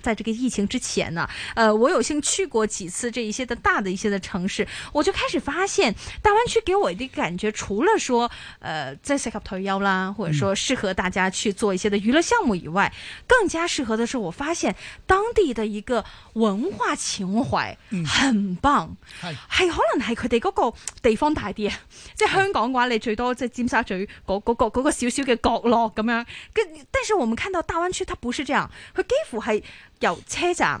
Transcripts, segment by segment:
在這個疫情之前呢、啊，呃，我有幸去過幾次這一些的大的一些的城市，我就開始發現大灣區給我的感覺，除了說，呃，在適合退休啦，或者說適合大家去做一些的娛樂項目以外，嗯、更加適合的是，我發現當地的一個文化情懷很棒，係、嗯，係可能係佢哋嗰個地方大啲啊，即係香港嘅話，你最多即係尖沙咀嗰嗰、那個嗰、那個那個小小嘅角落咁樣，跟，但是我們看到大灣區，它不是這樣，佢幾乎係。由車站，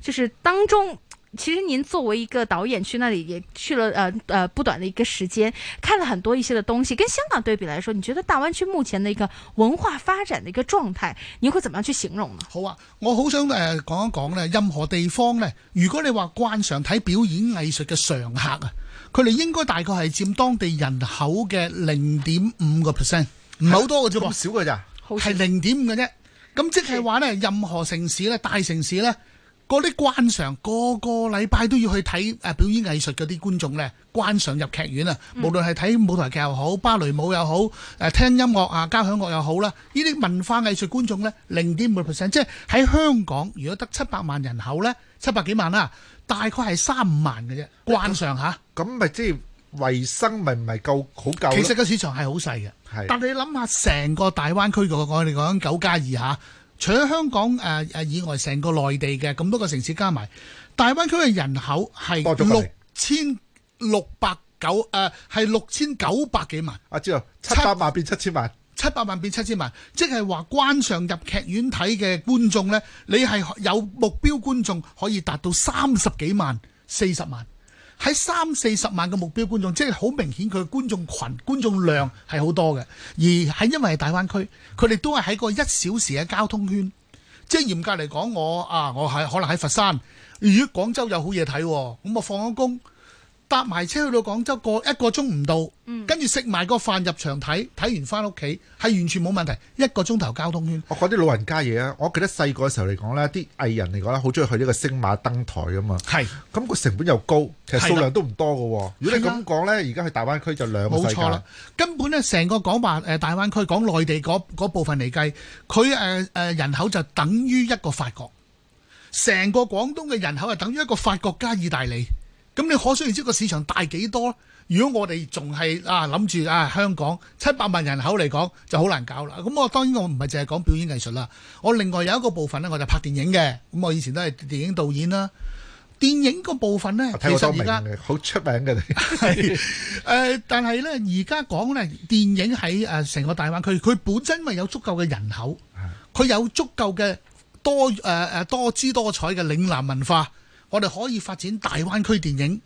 就是當中，其實您作為一個導演去那裡，也去了，呃，呃不短的一個時間，看了很多一些的東西。跟香港對比來說，你覺得大灣區目前的一個文化發展的一個狀態，你會怎麼樣去形容呢？好啊，我好想誒、呃、講一講呢，任何地方呢，如果你話慣常睇表演藝術嘅常客啊，佢哋應該大概係佔當地人口嘅零點五個 percent，唔係好多㗎啫，是啊、咁少嘅咋？好少，係零點五嘅啫。咁即係話呢是，任何城市呢，大城市呢。嗰啲慣常個個禮拜都要去睇誒表演藝術嗰啲觀眾呢，慣常入劇院啊、嗯，無論係睇舞台劇又好，芭蕾舞又好，誒聽音樂啊，交響樂又好啦，呢啲文化藝術觀眾呢，零點五 percent，即係喺香港如果得七百萬人口呢，七百幾萬啊，大概係三五萬嘅啫，慣常嚇。咁咪即係衞生咪唔係夠好夠？其實個市場係好細嘅，但係你諗下，成個大灣區個我哋講九加二嚇。除咗香港誒誒、呃、以外，成個內地嘅咁多個城市加埋，大灣區嘅人口係六千六百九誒，係六千九百幾萬。啊知道七百萬變七千萬，七百萬變七千萬，即係話關上入劇院睇嘅觀眾咧，你係有目標觀眾可以達到三十幾萬、四十萬。喺三四十萬個目標觀眾，即係好明顯佢嘅觀眾群、觀眾量係好多嘅。而喺因為係大灣區，佢哋都係喺個一小時嘅交通圈。即係嚴格嚟講，我啊，我喺可能喺佛山，如果廣州有好嘢睇，咁啊放咗工。搭埋車去到廣州，過一個鐘唔到，跟住食埋個飯入場睇，睇完翻屋企係完全冇問題。一個鐘頭交通圈。我講啲老人家嘢啊，我記得細個嘅時候嚟講呢，啲藝人嚟講呢，好中意去呢個星馬登台啊嘛。係。咁個成本又高，其實數量都唔多喎。如果你咁講呢，而家去大灣區就兩個世界啦。根本呢，成個講話大灣區講內地嗰部分嚟計，佢人口就等於一個法國，成個廣東嘅人口就等於一個法國加意大利。咁你可想而知個市場大幾多？如果我哋仲係啊諗住啊香港七百萬人口嚟講就好難搞啦。咁我當然我唔係淨係講表演藝術啦，我另外有一個部分咧，我就拍電影嘅。咁我以前都係電影導演啦。電影個部分咧，其實而家好出名嘅。誒 、呃，但係咧而家講咧，電影喺成、呃、個大灣區，佢本身咪有足夠嘅人口，佢有足夠嘅多誒、呃、多姿多彩嘅嶺南文化。我哋可以發展大灣區電影，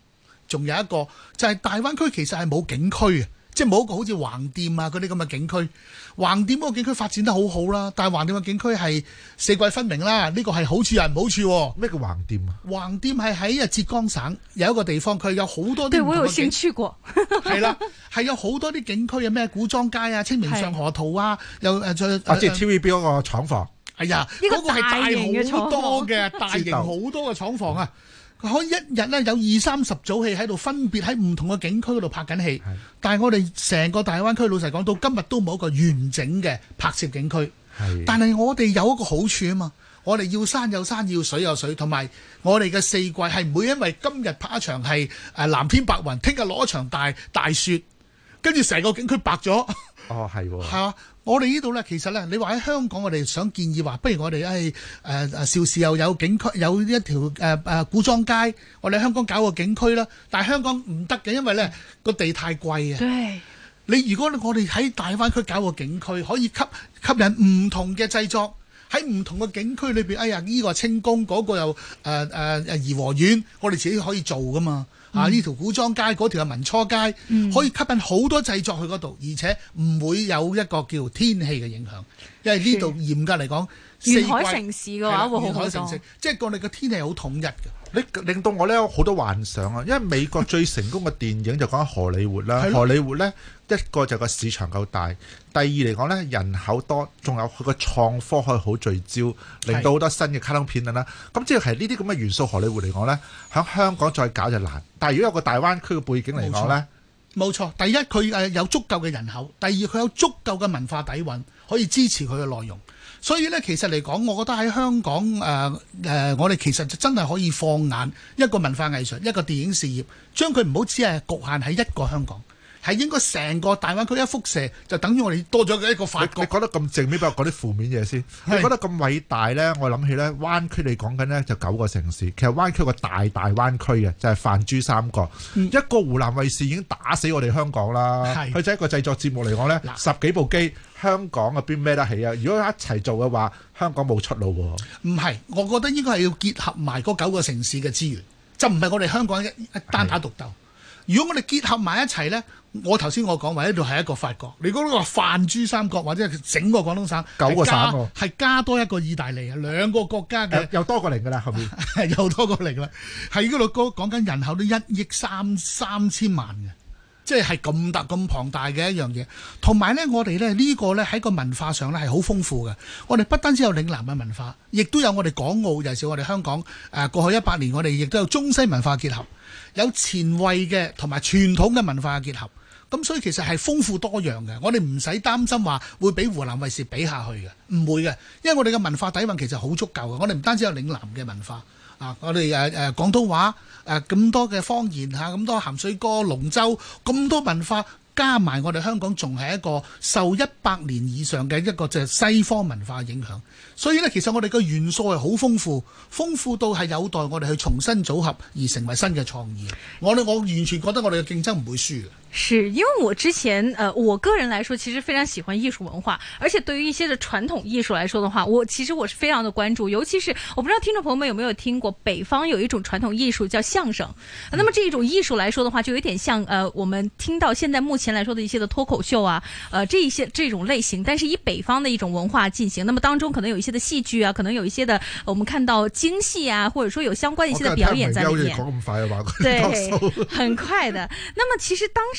仲有一個就係、是、大灣區其實係冇景區，即係冇一個好似橫店啊嗰啲咁嘅景區。橫店嗰個景區發展得好好啦，但係橫店個景區係四季分明啦，呢、這個係好處又唔好處喎、啊。咩叫橫店啊？橫店係喺啊浙江省有一個地方，佢有好多啲。對，我有興趣過。係 啦，係有好多啲景區啊，有咩古裝街啊、清明上河圖、呃、啊，又、呃、誒啊，即、呃、係 TVB 嗰個廠房。係啊，嗰個係大好多嘅大型好多嘅廠房啊，可以一日咧有二三十組戲喺度，分別喺唔同嘅景區嗰度拍緊戲。但係我哋成個大灣區老實講，到今日都冇一個完整嘅拍攝景區。係，但係我哋有一個好處啊嘛，我哋要山有山，要水有水，同埋我哋嘅四季係唔會因為今日拍一場係誒藍天白雲，聽日攞一場大大雪。跟住成個景區白咗。哦，係喎。 啊，我哋呢度呢，其實呢你話喺香港，我哋想建議話，不如我哋誒邵氏又有景區，有一條誒誒、呃呃、古裝街，我哋香港搞個景區啦。但係香港唔得嘅，因為呢個、嗯、地太貴啊。對。你如果我哋喺大灣區搞個景區，可以吸吸引唔同嘅製作喺唔同嘅景區裏面，哎呀，呢、這個清宮，嗰、那個又誒誒頤和園，我哋自己可以做噶嘛。啊！呢條、嗯、古裝街，嗰條係民初街，嗯、可以吸引好多製作去嗰度，而且唔會有一個叫天氣嘅影響，因為呢度嚴格嚟講，沿海城市嘅話會好多，即係的、嗯、我哋嘅天氣好統一嘅。你令到我咧好多幻想啊！因為美國最成功嘅電影就講喺荷里活啦， 荷里活咧。 一個就個市場夠大，第二嚟講呢，人口多，仲有佢個創科可以好聚焦，令到好多新嘅卡通片啦。咁即係呢啲咁嘅元素荷里活嚟講呢，喺香港再搞就難，但如果有個大灣區嘅背景嚟講呢，冇錯。第一佢有足夠嘅人口，第二佢有足夠嘅文化底蘊可以支持佢嘅內容。所以呢，其實嚟講，我覺得喺香港、呃呃、我哋其實就真係可以放眼一個文化藝術、一個電影事業，將佢唔好只係局限喺一個香港。嗯係應該成個大灣區一輻射，就等於我哋多咗一個法國。你覺得咁正面，不 如講啲負面嘢先。你覺得咁偉大咧，我諗起咧，灣區你講緊咧就九個城市，其實灣區個大大灣區嘅就係、是、泛珠三角、嗯。一個湖南衞視已經打死我哋香港啦。佢就一個製作節目嚟講咧，十幾部機，香港嘅邊孭得起啊？如果一齊做嘅話，香港冇出路喎。唔係，我覺得應該係要結合埋嗰九個城市嘅資源，就唔係我哋香港一單打獨鬥。如果我哋結合埋一齊咧，我頭先我講話呢度係一個法國，你嗰個泛珠三角或者整個廣東省九個省，係加，加多一個意大利啊，兩個國家嘅、呃、又多個零㗎啦，後面 又多個零啦，係嗰度講講緊人口都一億三三千萬嘅。即係咁大咁龐大嘅一樣嘢，同埋呢，我哋呢呢個呢喺個文化上呢係好豐富嘅。我哋不單止有嶺南嘅文化，亦都有我哋港澳，尤其是我哋香港誒過去一百年，我哋亦都有中西文化結合，有前衛嘅同埋傳統嘅文化嘅結合。咁所以其實係豐富多樣嘅。我哋唔使擔心話會畀湖南衞視比下去嘅，唔會嘅，因為我哋嘅文化底藴其實好足夠嘅。我哋唔單止有嶺南嘅文化。啊！我哋誒誒廣東話咁多嘅方言嚇，咁、啊啊、多鹹水歌、龍舟，咁多文化，加埋我哋香港仲係一個受一百年以上嘅一個即係西方文化影響，所以呢，其實我哋嘅元素係好豐富，豐富到係有待我哋去重新組合而成為新嘅創意。我哋我完全覺得我哋嘅競爭唔會輸嘅。是因為我之前呃，我個人來說其實非常喜歡藝術文化，而且對於一些的傳統藝術來說的話，我其實我是非常的關注。尤其是我不知道聽眾朋友們有沒有聽過北方有一種傳統藝術叫相聲，那麼這一種藝術來說的話，就有點像呃，我們聽到現在目前來說的一些的脱口秀啊，呃這一些這種類型，但是以北方的一種文化進行，那麼當中可能有一些的戲劇啊，可能有一些的我們看到京戲啊，或者說有相關一些的表演在裏面。裏面對，很快的。 那麼其實當時。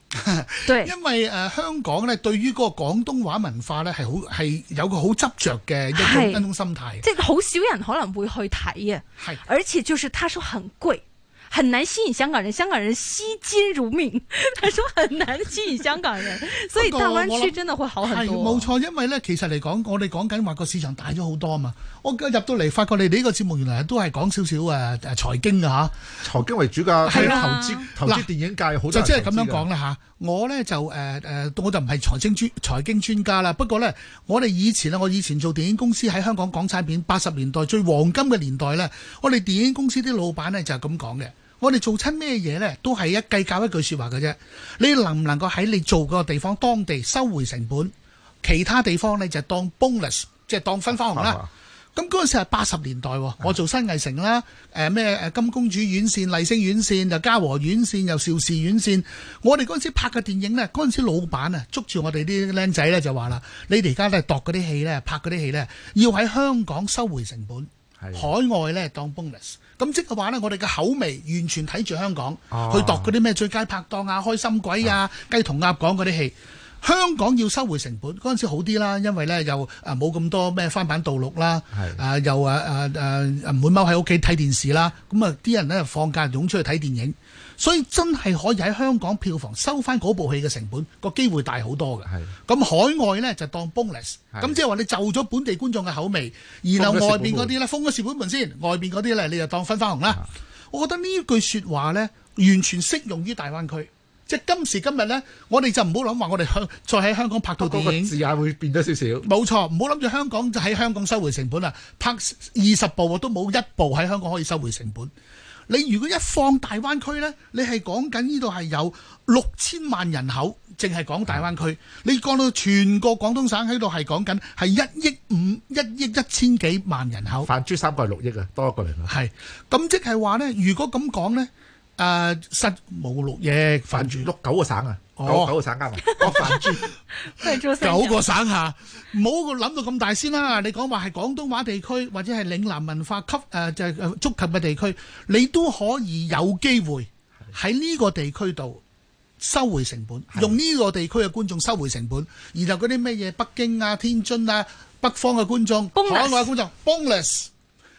對 因為誒、呃，香港咧對於嗰個廣東話文化咧，係好係有個好執着嘅一種一種心態，即係好少人可能會去睇嘅。係而且就是他說很貴。很難吸引香港人，香港人惜金如命，他說很難吸引香港人， 所以大灣區真的會好很多。冇錯，因為呢，其實嚟講，我哋講緊話個市場大咗好多啊嘛。我入到嚟發覺你哋呢個節目原來都係講少少誒誒財經噶吓，財經為主噶，係、啊、投資投資電影界好就即係咁樣講啦吓。我呢就誒誒、呃，我就唔係財政專財經專家啦。不過呢，我哋以前啊，我以前做電影公司喺香港，港產片八十年代最黃金嘅年代呢，我哋電影公司啲老闆呢就係咁講嘅。我哋做親咩嘢呢？都係一計較一句説話嘅啫。你能唔能夠喺你做嘅地方當地收回成本，其他地方呢，就係、當 bonus，即係當分花紅啦。 咁嗰陣時係八十年代，我做新藝城啦，誒咩金公主院線、麗星院線、又嘉禾院線、又邵氏院線。我哋嗰陣時拍嘅電影呢，嗰陣時老闆啊，捉住我哋啲僆仔呢，就話啦：你哋而家都係度嗰啲戲呢，拍嗰啲戲呢，要喺香港收回成本，海外呢當 bonus。咁即係話呢，我哋嘅口味完全睇住香港，哦、去度嗰啲咩最佳拍檔啊、開心鬼啊、雞同鴨講嗰啲戲。香港要收回成本，嗰陣時好啲啦，因為咧又啊冇咁多咩翻版盜錄啦，啊又啊啊啊唔會踎喺屋企睇電視啦，咁啊啲人咧放假湧出去睇電影，所以真係可以喺香港票房收翻嗰部戲嘅成本，個機會大好多嘅。咁海外咧就當 bonus，咁即係話你就咗本地觀眾嘅口味，然後外邊嗰啲咧封咗蝕本門先，外邊嗰啲咧你就當分花紅啦。我覺得呢一句説話咧，完全適用於大灣區。即今時今日呢，我哋就唔好諗話我哋香再喺香港拍套電影字眼會變得少少。冇錯，唔好諗住香港就喺香港收回成本啊！拍二十部都冇一部喺香港可以收回成本。你如果一放大灣區呢，你係講緊呢度係有六千萬人口，淨係講大灣區。你講到全個廣東省喺度係講緊係一億五、一億一千幾萬人口。泛珠三角係六億呀，多過嚟啦。係咁，即係話呢，如果咁講呢。誒、啊、失冇六嘢，泛住碌、嗯、九個省啊！九、哦、九個省加、啊、嘛？我泛住九個省嚇、啊，冇 諗到咁大先啦、啊！你講話係廣東話地區，或者係嶺南文化吸誒、呃、就係、是、誒觸及嘅地區，你都可以有機會喺呢個地區度收回成本，用呢個地區嘅觀眾收回成本，然後嗰啲咩嘢北京啊、天津啊、北方嘅觀眾，海外觀眾，bonus，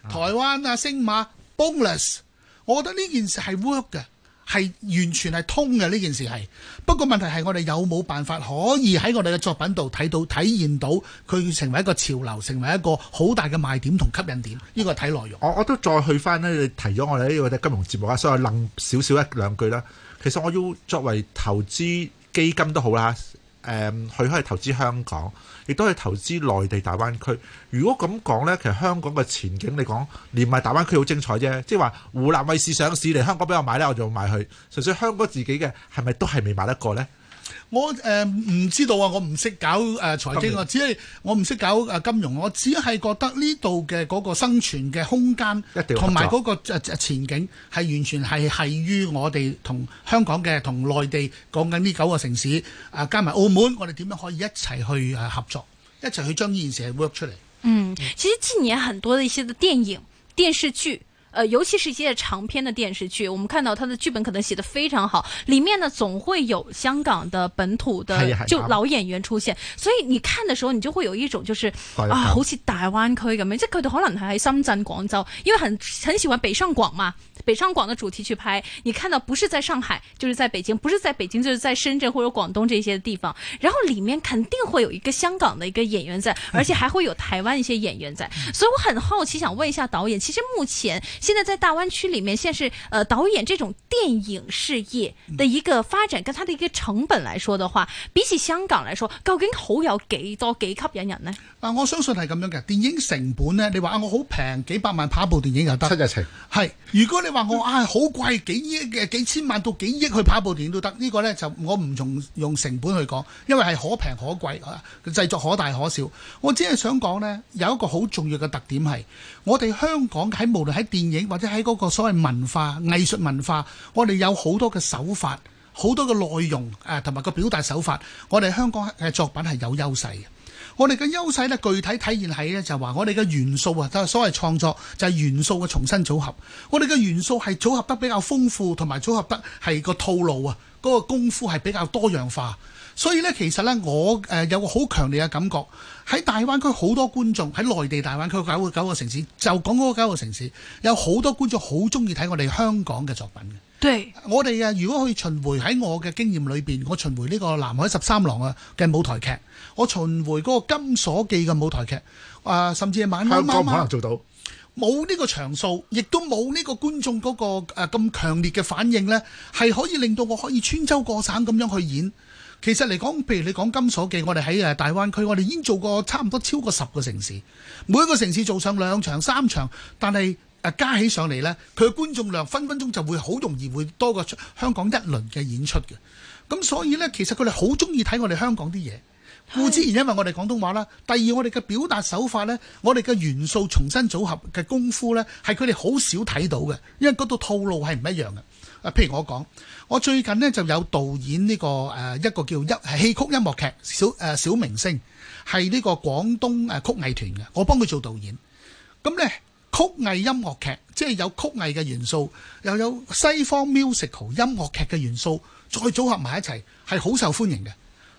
啊、台灣啊、星馬 bonus。bonus. 我覺得呢件事係 work 嘅，係完全係通嘅呢件事係。不過問題係我哋有冇辦法可以喺我哋嘅作品度睇到、體現到佢成為一個潮流，成為一個好大嘅賣點同吸引點？呢個睇內容。我我都再去翻咧，你提咗我哋呢個金融節目啊，所以諗少少一兩句啦。其實我要作為投資基金都好啦。誒、嗯，佢可以投資香港，亦都可以投資內地大灣區。如果咁講呢，其實香港嘅前景你講，連埋大灣區好精彩啫。即係話湖南衞視上市嚟香港俾我買呢，我就要買佢。純粹香港自己嘅，係咪都係未買得過呢？我誒唔、呃、知道啊！我唔識搞誒財經啊，只係我唔識搞誒金融。我只係覺得呢度嘅嗰個生存嘅空間，同埋嗰個前景係完全係係於我哋同香港嘅同內地講緊呢九個城市誒加埋澳門，我哋點樣可以一齊去誒合作，一齊去將呢件事 work 出嚟。嗯，其實近年很多的一些電影、電視劇。呃，尤其是一些長篇的電視劇，我們看到他的劇本可能寫的非常好，裏面呢總會有香港的本土的就老演員出現，所以你看的時候，你就會有一種就是啊，啊，好似大灣區咁樣，即係佢哋可能係喺深圳、廣州，因為很很喜歡北上廣嘛。北上廣的主題去拍，你看到不是在上海，就是在北京；不是在北京，就是在深圳或者廣東這些地方。然後裏面肯定會有一個香港的一個演員在，而且還會有台灣一些演員在。嗯、所以我很好奇，想問一下導演：其實目前現在在大灣區裏面，現在是呃導演這種電影事業的一個發展跟它的一個成本來說的話，比起香港來說，究竟好有幾多幾吸引人呢？啊、嗯，我相信是咁樣嘅。電影成本呢？你話啊，我好平幾百萬拍一部電影又得七日情？係，如果你。話我啊好貴，幾億嘅幾千萬到幾億去拍一部電影都得呢個咧。就我唔用用成本去講，因為係可平可貴啊，製作可大可小。我只係想講咧，有一個好重要嘅特點係，我哋香港喺無論喺電影或者喺嗰個所謂文化藝術文化，我哋有好多嘅手法，好多嘅內容誒，同埋個表達手法，我哋香港嘅作品係有優勢嘅。我哋嘅優勢咧，具體體現喺咧就係話，我哋嘅元素啊，所謂創作就係元素嘅重新組合。我哋嘅元素係組合得比較豐富，同埋組合得係個套路啊，嗰個功夫係比較多樣化。所以咧，其實咧，我誒有個好強烈嘅感覺，喺大灣區好多觀眾喺內地大灣區九個九個城市，就講嗰九個城市，有好多觀眾好中意睇我哋香港嘅作品嘅。對我哋啊，如果去巡回喺我嘅經驗裏面，我巡回呢個《南海十三郎》啊嘅舞台劇，我巡回嗰個《金鎖記》嘅舞台劇啊、呃，甚至係晚晚可能做到。冇呢個場數，亦都冇呢個觀眾嗰、嗰個咁、呃、強烈嘅反應呢係可以令到我可以穿州過省咁樣去演。其實嚟講，譬如你講《金鎖記》，我哋喺誒大灣區，我哋已經做過差唔多超過十個城市，每一個城市做上兩場、三場，但係。加起上嚟呢佢嘅觀眾量分分鐘就會好容易會多過香港一輪嘅演出嘅。咁所以呢，其實佢哋好中意睇我哋香港啲嘢。固之然因為我哋廣東話啦，第二我哋嘅表達手法呢，我哋嘅元素重新組合嘅功夫呢，係佢哋好少睇到嘅，因為嗰度套路係唔一樣嘅啊。譬如我講，我最近呢就有導演呢、呢個、呃、一個叫一戲曲音樂劇小、呃、小明星，係呢個廣東、呃、曲藝團嘅，我幫佢做導演。咁呢。曲藝音樂劇即係有曲藝嘅元素，又有西方 musical 音樂劇嘅元素，再組合埋一齊，係好受歡迎嘅。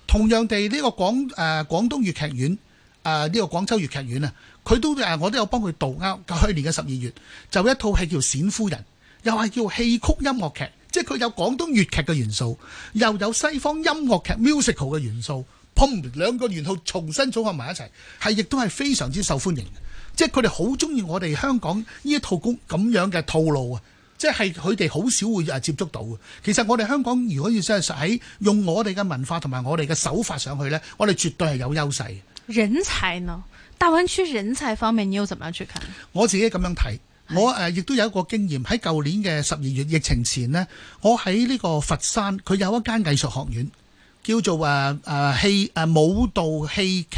同樣地，呢個廣誒、呃、廣東粵劇院誒呢、呃呢個廣州粵劇院啊，佢都我都有幫佢導呃，去年嘅十二月就一套戲叫《冼夫人》，又係叫戲曲音樂劇，即係佢有廣東粵劇嘅元素，又有西方音樂劇 musical 嘅元素，砰，兩個元素重新組合埋一齊，係亦都係非常之受歡迎嘅。即係佢哋好中意我哋香港呢一套工咁樣嘅套路啊！即係佢哋好少會啊接觸到嘅。其實我哋香港如果要真係喺用我哋嘅文化同埋我哋嘅手法上去呢，我哋絕對係有優勢。人才呢？大灣區人才方面，你又點樣去看？我自己咁樣睇，我誒亦都有一個經驗。喺舊年嘅十二月疫情前呢，我喺呢個佛山，佢有一間藝術學院叫做誒誒、啊、戲舞蹈、啊、戲劇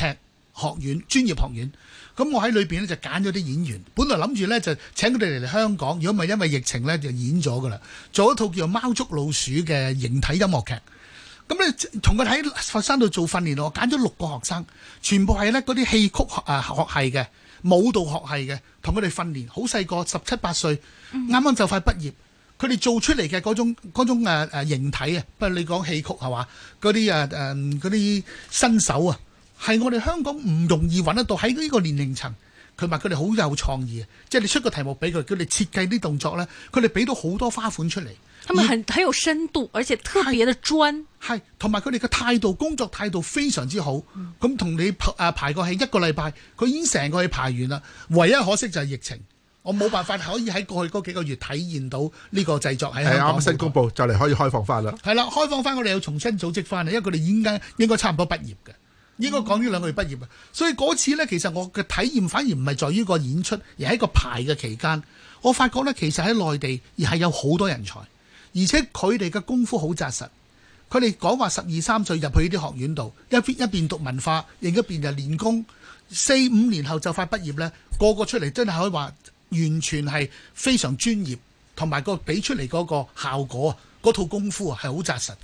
學院專業學院。咁我喺裏面咧就揀咗啲演員，本來諗住咧就請佢哋嚟嚟香港，如果唔係因為疫情咧就演咗噶啦，做一套叫做《貓捉老鼠》嘅形體音樂劇。咁咧同佢喺佛山度做訓練，我揀咗六個學生，全部係咧嗰啲戲曲誒學、呃、學系嘅、舞蹈學系嘅，同佢哋訓練，好細個十七八歲，啱、嗯、啱就快畢業。佢哋做出嚟嘅嗰種嗰種、呃、形體啊，不過你講戲曲係嘛？嗰啲誒啲伸手啊！係我哋香港唔容易揾得到喺呢個年齡層，佢話佢哋好有創意，即係你出個題目俾佢，叫你設計啲動作咧，佢哋俾到好多花款出嚟。係咪很很有深度，而且特別嘅專。係同埋佢哋嘅態度，工作態度非常之好。咁同你排誒排個,個戲一個禮拜，佢已經成個戲排完啦。唯一可惜就係疫情，我冇辦法可以喺過去嗰幾個月體驗到呢個製作喺香港。啱、欸、先公佈就嚟可以開放翻啦。係啦，開放翻我哋要重新組織翻嚟，因為佢哋已經應該應該差唔多畢業嘅。應該講呢兩個月畢業啊！所以嗰次呢，其實我嘅體驗反而唔係在於個演出，而係一個排嘅期間，我發覺呢，其實喺內地而係有好多人才，而且佢哋嘅功夫好扎實。佢哋講話十二三歲入去呢啲學院度，一邊一邊讀文化，另一邊就練功。四五年後就快畢業呢，個個出嚟真係可以話完全係非常專業，同埋個俾出嚟嗰個效果、嗰套功夫係好扎實嘅。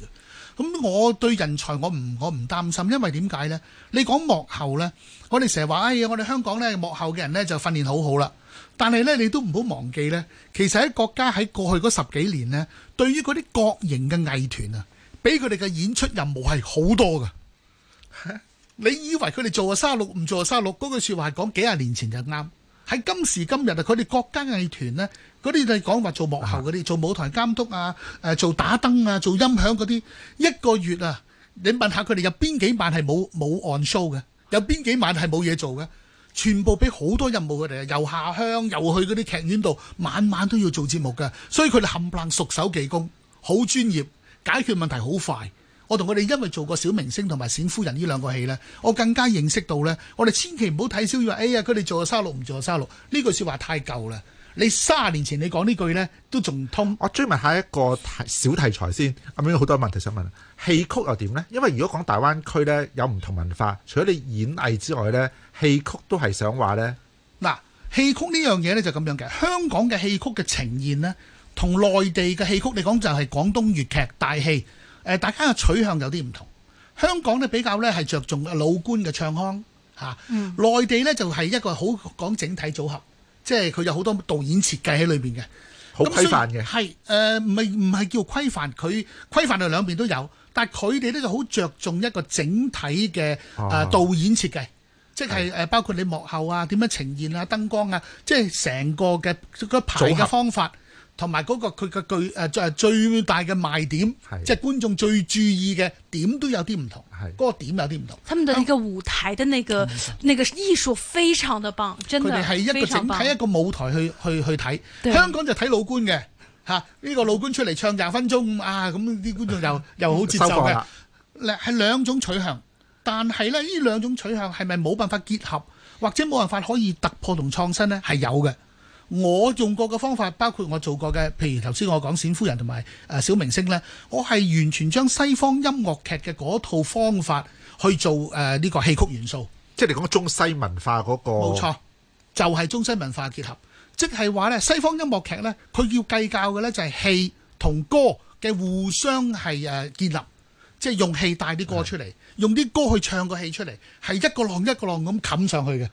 咁我對人才我唔我唔擔心，因為點解呢？你講幕後呢，我哋成日話，哎呀，我哋香港呢幕後嘅人呢就訓練好好啦。但係呢，你都唔好忘記呢，其實喺國家喺過去嗰十幾年呢，對於嗰啲國營嘅藝團啊，俾佢哋嘅演出任務係好多噶。 你以為佢哋做個三六唔做啊三六嗰句說話係講幾廿年前就啱？喺今時今日啊，佢哋國家藝團咧，嗰啲就講話做幕後嗰啲，做舞台監督啊，誒做打燈啊，做音響嗰啲，一個月啊，你問下佢哋有邊幾晚係冇冇按 show 嘅，有邊幾晚係冇嘢做嘅，全部俾好多任務佢哋啊，又下鄉，又去嗰啲劇院度，晚晚都要做節目嘅，所以佢哋冚唪唥熟手技工，好專業，解決問題好快。我同佢哋因為做過小明星同埋冼夫人呢兩個戲呢，我更加認識到呢。我哋千祈唔好睇小，以為哎呀佢哋做咗沙六唔做阿沙六呢句説話太舊啦！你三十年前你講呢句呢都仲通。我追問一下一個小題材先，咁樣好多問題想問。戲曲又點呢？因為如果講大灣區呢，有唔同文化，除咗你演藝之外呢，戲曲都係想話呢。嗱，戲曲呢樣嘢呢就咁樣嘅。香港嘅戲曲嘅呈現呢，同內地嘅戲曲嚟講就係廣東粵劇大戲。誒，大家嘅取向有啲唔同。香港咧，比較咧，係着重老倌嘅唱腔嚇、嗯，內地咧，就係一個好講整體組合，即係佢有好多導演設計喺裏邊嘅，好規範嘅。係、嗯、誒，唔係唔係叫規範，佢規範嘅兩邊都有，但係佢哋咧就好着重一個整體嘅誒、啊呃、導演設計，即係誒包括你幕後啊點樣呈現啊燈光啊，即係成個嘅個排嘅方法。同埋嗰個佢嘅巨誒就最大嘅賣點，即係觀眾最注意嘅點都有啲唔同，嗰、那個點有啲唔同。佢哋嘅舞台的那個的那個藝術非常的棒，真的是棒。佢哋係一個整體一個舞台去去去睇，香港就睇老官嘅嚇，呢、啊這個老官出嚟唱廿分鐘啊，咁啲觀眾又 又好接受嘅。係兩種取向，但係咧呢這兩種取向係咪冇辦法結合，或者冇辦法可以突破同創新咧？係有嘅。我用過嘅方法，包括我做過嘅，譬如頭先我講冼夫人同埋小明星呢，我係完全將西方音樂劇嘅嗰套方法去做誒呢個戲曲元素。即係你講中西文化嗰個，冇錯，就係中西文化結合，即係話呢西方音樂劇呢，佢要計較嘅呢就係戲同歌嘅互相係建立，即係用戲帶啲歌出嚟，用啲歌去唱個戲出嚟，係一個浪一個浪咁冚上去嘅。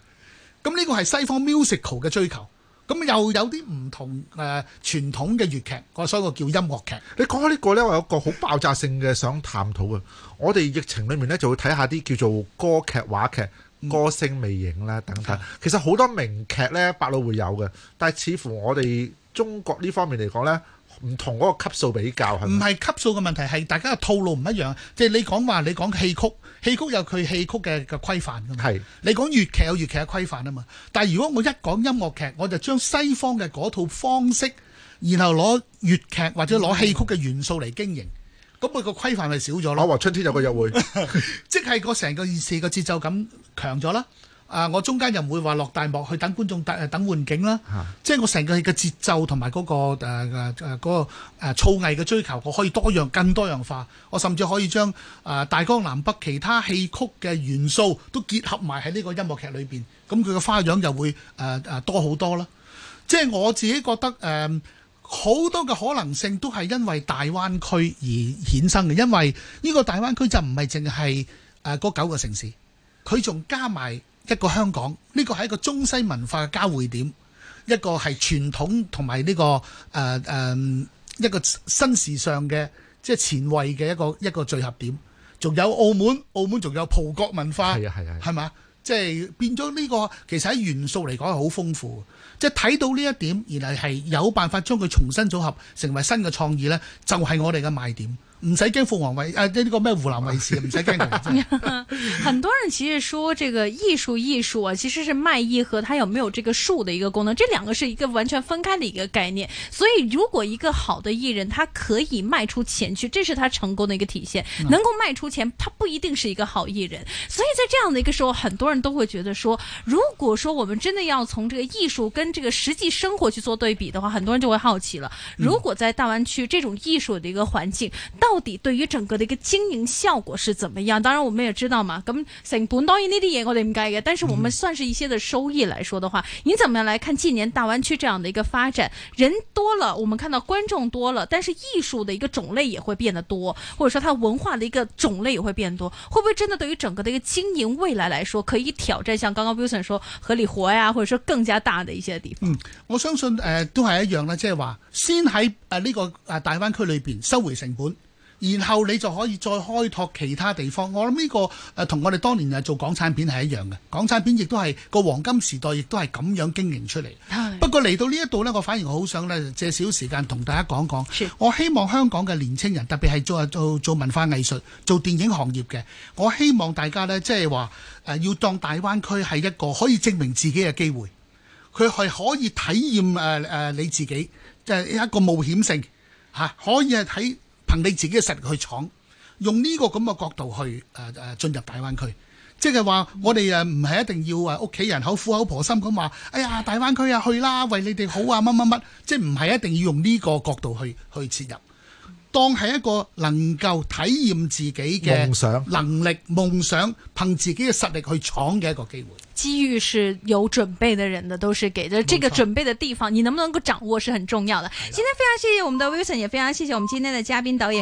咁呢個係西方 musical 嘅追求。咁又有啲唔同誒傳統嘅粵劇，我所以我叫音樂劇。你講開呢個呢，我有個個好爆炸性嘅想探討嘅。我哋疫情裏面呢，就會睇下啲叫做歌劇、話劇、歌聲、魅影啦等等。其實好多名劇呢，百老匯有嘅，但似乎我哋中國呢方面嚟講呢。唔同嗰個級數比較，唔係級數嘅問題，係大家嘅套路唔一樣。即係你講話，你講戲曲，戲曲有佢戲曲嘅嘅規範㗎嘛。係你講粵劇有粵劇嘅規範啊嘛。但係如果我一講音樂劇，我就將西方嘅嗰套方式，然後攞粵劇或者攞戲曲嘅元素嚟經營，咁、嗯、佢個規範咪少咗咯。我話春天有個約會， 即係個成個意思個節奏咁強咗啦。啊、呃！我中間又唔會話落大幕去等觀眾 eggs, 等換景啦，即係我成個戲嘅節奏同埋嗰個誒誒誒嗰個、呃呃、藝嘅追求，我可以多樣更多樣化。我甚至可以將誒、呃、大江南北其他戲曲嘅元素都結合埋喺呢個音樂劇裏面，咁佢嘅花樣就會誒、呃、多好多啦。即係我自己覺得誒好多嘅可能性都係因為大灣區而衍生嘅，因為呢個大灣區就唔係淨係誒嗰九個城市，佢仲加埋。一個香港呢個係一個中西文化嘅交匯點，一個係傳統同埋呢個誒誒、呃、一個新時尚嘅即係前衛嘅一個一個聚合點，仲有澳門，澳門仲有葡國文化，係啊係啊，係嘛？即係、啊啊就是、變咗呢個其實喺元素嚟講係好豐富，即係睇到呢一點，然後係有辦法將佢重新組合成為新嘅創意呢就係、是、我哋嘅賣點。唔使驚鳳凰衛視啊！即係呢個咩湖南衛視，唔使驚。很多人其實說這個藝術藝術啊，其實是賣藝和他有沒有這個術的一個功能，這兩個是一個完全分開的一個概念。所以如果一個好的藝人，他可以賣出錢去，這是他成功的一個體現。能夠賣出錢，他不一定是一個好藝人。所以在這樣的一個時候，很多人都會覺得說，如果說我們真的要從這個藝術跟這個實際生活去做對比的話，很多人就會好奇了。如果在大灣區這種藝術的一個環境，到底對於整個的一個經營效果是怎麼樣？當然我們也知道嘛，咁成本當然呢啲嘢我哋唔計嘅。但是我們算是一些的收益來說的話，你怎麼樣來看近年大灣區這樣的一個發展？人多了，我們看到觀眾多了，但是藝術的一個種類也會變得多，或者說它文化的一個種類也會變得多。會不會真的對於整個的一個經營未來來說，可以挑戰像剛剛 Wilson 說，說合理活呀、啊，或者說更加大的一些地方？嗯，我相信誒、呃，都係一樣啦，即係話先喺誒呢個誒、呃、大灣區裏邊收回成本。然後你就可以再開拓其他地方。我諗呢個誒同我哋當年誒做港產片係一樣嘅。港產片亦都係個黃金時代，亦都係咁樣經營出嚟。不過嚟到呢一度呢，我反而好想咧借少少時間同大家講講。我希望香港嘅年青人，特別係做做做文化藝術、做電影行業嘅，我希望大家呢，即係話誒要當大灣區係一個可以證明自己嘅機會。佢係可以體驗誒誒你自己，即、呃、係一個冒險性嚇、啊，可以係睇。憑你自己嘅實力去闖，用呢個咁嘅角度去誒誒進入大灣區，即係話我哋誒唔係一定要誒屋企人口苦口婆心咁話，哎呀大灣區啊去啦，為你哋好啊乜乜乜，即係唔係一定要用呢個角度去去切入。當係一個能夠體驗自己嘅夢想、能力、夢想，憑自己嘅實力去闖嘅一個機會。機遇是有準備的人的，都是給的。這個準備的地方，你能不能夠掌握，是很重要的。的今天非常謝謝我們的 Wilson，也非常謝謝我們今天的嘉賓導演。